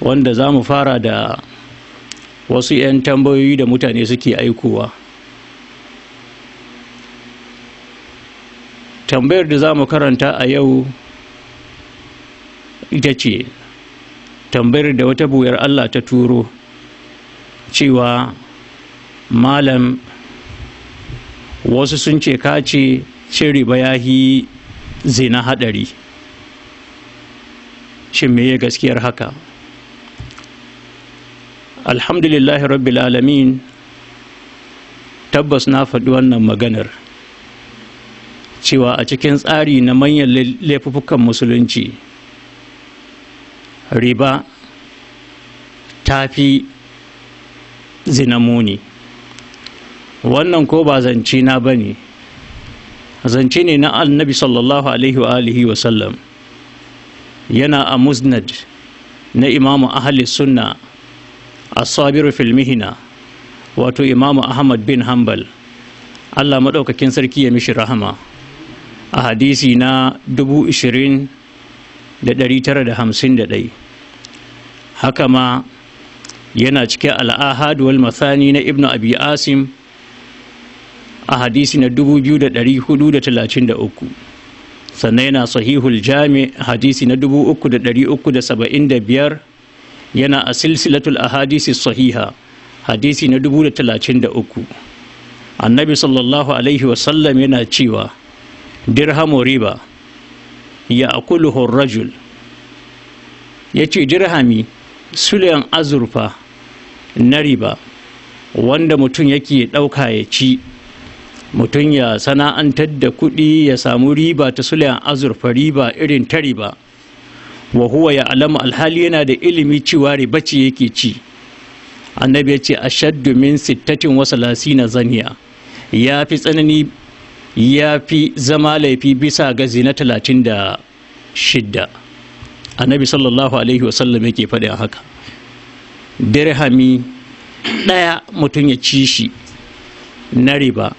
wanda za mu fara da wasu 'yan tambayoyi da mutane suke aikowa tambayar da za mu karanta a yau ita ce tambayar da wata buyar allah ta turo cewa malam wasu sun ce ka ce cire bayahi zai na zina haɗari shin me gaskiyar haka alhamdulillahi rabbil alamin tabbas na faɗi wannan maganar cewa a cikin tsari na manyan laifukan musulunci riba ta fi zinamuni wannan ko ba zance na ba ne zance ne na annabi sallallahu alaihi wa alihi yana a musnad na imamu ahalis sunna asabiru filmihina wato imamu ahmad bin hanbal allah maɗaukakin sarki ya mishi rahama a hadisi na 20,951 haka ma yana cike al'ahad wal mathani na ibnu abi asim a hadisi na 2,433 sannan yana sahihul jami hadisi na 3,375 yana a silsilatul ahadisi sahiha hadisi na dubu 1033 annabi sallallahu alaihi wasallam yana cewa dirhamu riba ya akulu rajul ya ce dirhami sulen azurfa na riba wanda mutum yake ɗauka ya ci mutum ya sana'antar da kuɗi ya samu riba ta suliyan azurfa riba irin ta riba wa huwa ya alama alhali yana da ilimi cewa riba ce yake ci annabi ya ce ashaddu min sittatin wa lasina zaniya ya fi tsanani ya fi zama laifi bisa ga zina talatin da shidda annabi sallallahu alaihi wasallam yake faɗin haka dirhami ɗaya mutum ya ci shi na riba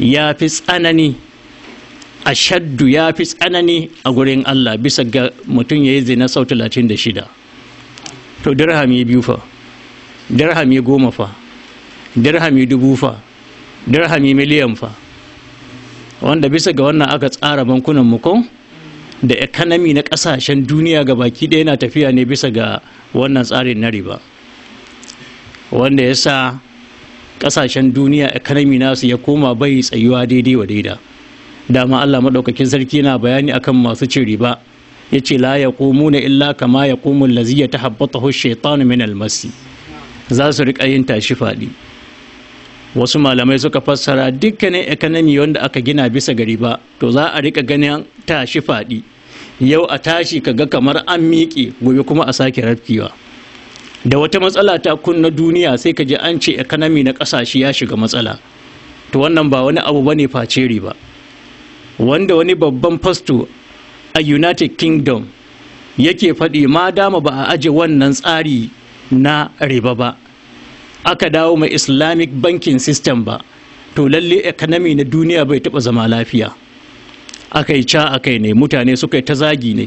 ya fi tsanani ashaddu ya fi tsanani a gurin Allah bisa ga mutum ya yi zina sau talatin da shida. to dirhami biyu fa dirhami goma fa dirhami dubu fa dirhami miliyan fa wanda bisa ga wannan aka tsara bankunan mukon da ekanami na kasashen duniya ga baki ɗaya na tafiya ne bisa ga wannan tsarin na riba wanda ya sa kasashen duniya ekanami nasu ya koma bai tsayuwa daidai wa daidai. dama Allah madaukakin sarki yana bayani akan masu cin riba yace la yaqumuna illa kama yaqumu allazi yatahabbathu ash-shaytanu min al-masi za su rika yin tashi fadi wasu malamai suka fassara dukkanin economy wanda aka gina bisa gari ba to za a rika ganin tashi fadi yau a tashi ka ga kamar an miƙe gobe kuma a sake rafkewa da wata matsala ta kunna duniya sai ka ji an ce economy na ƙasashe ya shiga matsala to wannan ba wani abu bane face riba ba wanda wani babban fasto a united kingdom yake faɗi ma dama ba a aje wannan tsari na riba ba aka dawo mai islamic banking system ba to lalle economy na duniya bai taɓa zama lafiya aka yi ca aka ne mutane suka yi ta zagi ne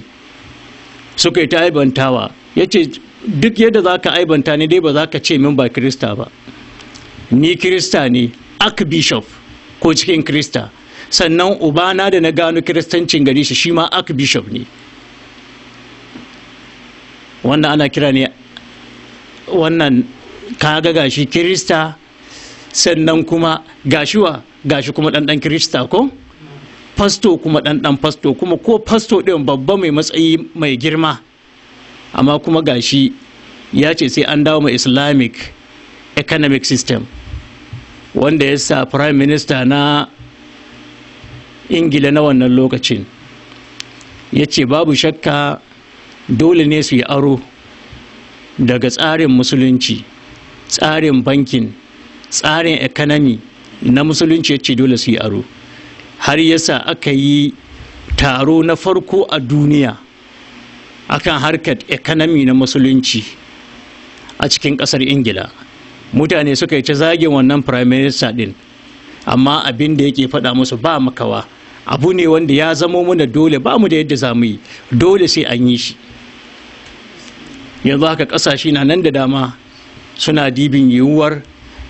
suka yi ta aibantawa ya ce duk yadda za ka aibanta ne dai ba za ka ce min ba kirista ba ni kirista ne archbishop ko cikin kirista sannan ubana da na gano kiristancin gare shi shi ma archbishop ne wannan ana kira ne wannan kaga gashi kirista sannan kuma gashiwa gashi kuma ɗanɗan kirista ko fasto kuma ɗanɗan fasto kuma ko fasto ɗin babba mai matsayi mai girma amma kuma gashi ya ce sai an dawo mai islamic economic system wanda ya sa prime minister na ingila na wannan lokacin ya ce babu shakka dole ne su yi aro daga tsarin musulunci tsarin bankin tsarin economy na musulunci ya ce dole su yi aro har yasa aka yi taro na farko a duniya akan harkar economy na musulunci a cikin kasar ingila mutane suka yi ta zagin wannan prime minister din amma abin da yake faɗa musu ba makawa abu ne wanda ya zamo mana dole ba mu da yadda za mu yi dole sai an yi shi yanzu haka ƙasashe na nan da dama suna dibin yiwuwar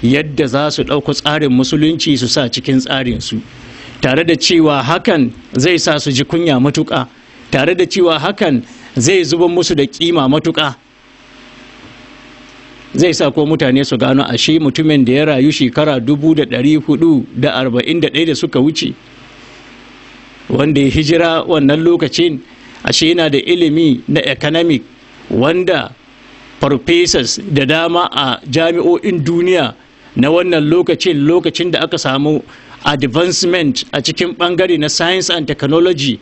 yadda za su ɗauka tsarin musulunci su sa cikin tsarin su tare da cewa hakan zai sa su ji kunya matuƙa tare da cewa hakan zai zuba musu da ƙima matuƙa zai sa ko mutane su gano ashe mutumin da ya rayu shekara dubu da ɗari hudu da arba'in da ɗaya da suka wuce wanda ya hijira wannan lokacin ashe yana da ilimi na economic wanda professors da dama a jami'o'in duniya na wannan lokacin lokacin da aka samu advancement a cikin bangare na science and technology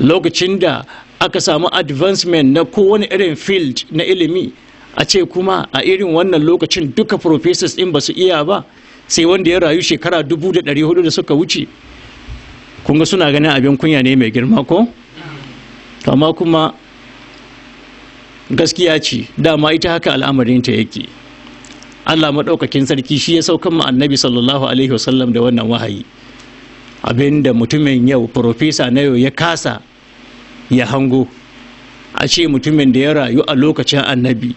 lokacin da aka samu advancement na kowane irin field na ilimi a ce kuma a irin wannan lokacin duka professors din ba su iya ba sai wanda ya rayu shekara dubu da hudu da suka wuce kun ga suna ganin abin kunya ne mai girma ko amma kuma gaskiya ce dama ita haka al'amarin ta yake allah maɗaukakin sarki shi ya saukan annabi sallallahu alaihi wasallam da wannan wahayi abinda mutumin yau profesa na yau ya kasa ya hango a ce mutumin da ya rayu a lokacin annabi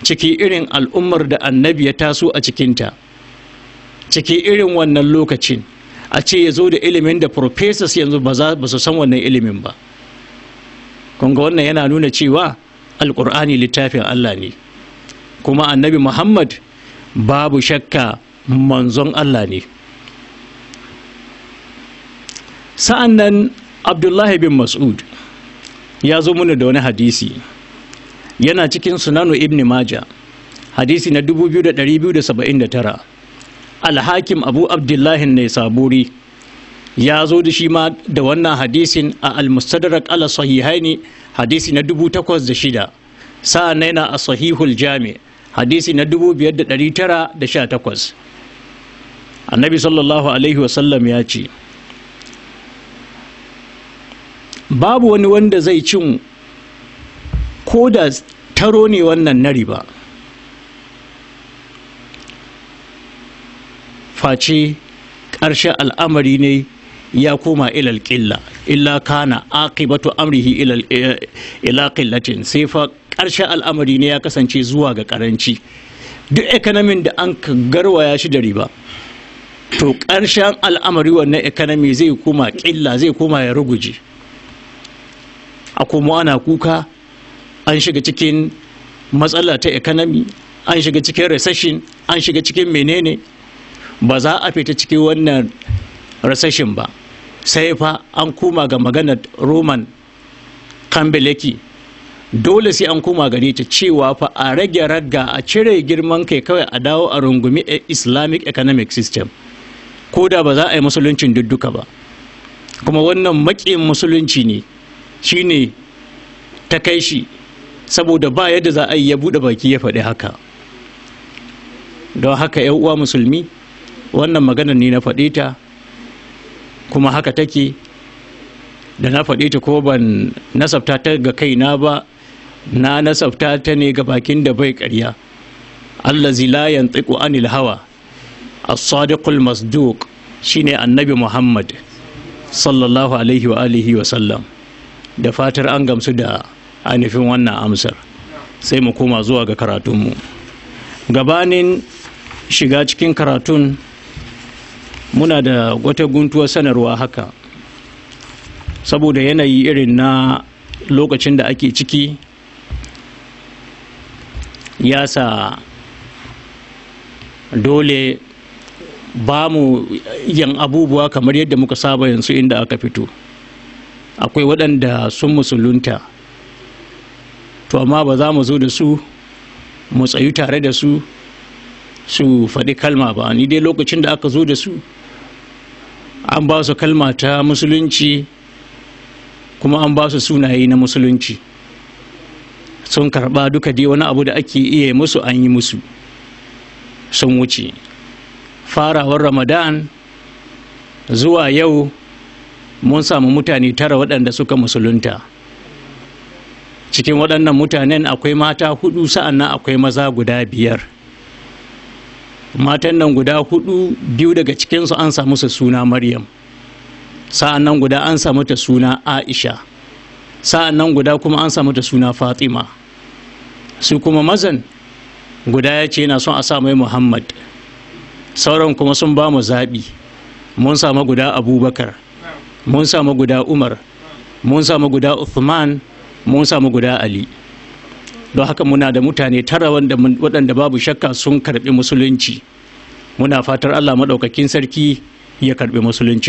ciki irin al'ummar da annabi ya taso a cikinta ciki irin wannan lokacin a ce ya zo da ilimin da professors yanzu ba su san wannan ilimin ba kunga wannan yana nuna cewa alkur'ani littafin allah ne kuma annabi muhammad babu shakka manzon allah ne sa'an nan abdullahi bin mas'ud ya zo mana da wani hadisi yana cikin sunanu ibn maja hadisi na 2279 alhakim abu abdullahi ne saburi ya zo da shi ma da wannan hadisin a almustadrak ala sahihaini hadisi na dubu takwas da shida sa'an na yana a sahihul jami hadisi na dubu biyar da ɗari tara da sha takwas annabi sallallahu alaihi wasallam ya ce babu wani wanda zai cin ko da taro ne wannan na riba face ƙarshen al'amari ne ya koma ilal ƙilla illa kana aqibatu amrihi eh, ila qillatin sai fa ƙarshen al'amari ne ya kasance zuwa ga ƙaranci duk ekonomin da an garwaya shi da riba to ƙarshen al'amari wannan ekonomi zai koma ƙilla zai koma ya ruguje a kuma ana kuka an shiga cikin matsala ta ekonomi an shiga cikin recession an shiga cikin menene ba za a fita cikin wannan recession ba sai fa an kuma ga maganar roman kambeleki dole sai an koma gare ta cewa fa a rage ragga a cire girman kai kawai a dawo a rungumi e- islamic economic system ko da ba za a yi musuluncin dudduka ba kuma wannan maƙin musulunci ne shine ta kai shi saboda ba yadda za a yi ya buɗe baki ya faɗi haka don haka 'yan uwa musulmi wannan maganar ni na faɗi ta kuma haka take da na faɗi ta ko ban nasabta ta ga kaina ba na nasabta ta ne ga bakin da bai ƙarya allazi la yantiqu anil hawa as-sadiqul masduq shine annabi muhammad sallallahu alaihi wa alihi wa sallam da fatar an gamsu da ainihin wannan amsar sai mu koma zuwa ga karatunmu gabanin shiga cikin karatun muna da wata guntuwar sanarwa haka saboda yanayi irin na lokacin da ake ciki ya sa dole ba mu yin abubuwa kamar yadda muka saba yanzu inda aka fito akwai waɗanda sun musulunta to amma ba za mu zo da su mu tsayu tare da su su faɗi kalma ba ni dai lokacin da aka zo da su an ba su kalma ta musulunci kuma an ba su sunaye na musulunci sun karba duka dai wani abu da ake iya musu an yi musu sun wuce farawar ramadan zuwa yau mun samu mutane tara waɗanda suka musulunta cikin waɗannan mutanen akwai mata hudu sa'annan akwai maza guda biyar matan nan guda hudu biyu daga cikinsu an samu su suna maryam sa'an nan guda an samu ta suna aisha sa'an nan guda kuma an samu ta suna fatima su kuma mazan guda ya ce na son a sa mai muhammad sauran kuma sun ba mu zaɓi mun samu guda abubakar mun samu guda umar mun samu guda uthman mun samu guda ali don haka muna da mutane tara waɗanda babu shakka sun karɓi musulunci muna fatar allah maɗaukakin sarki ya karɓi musulunci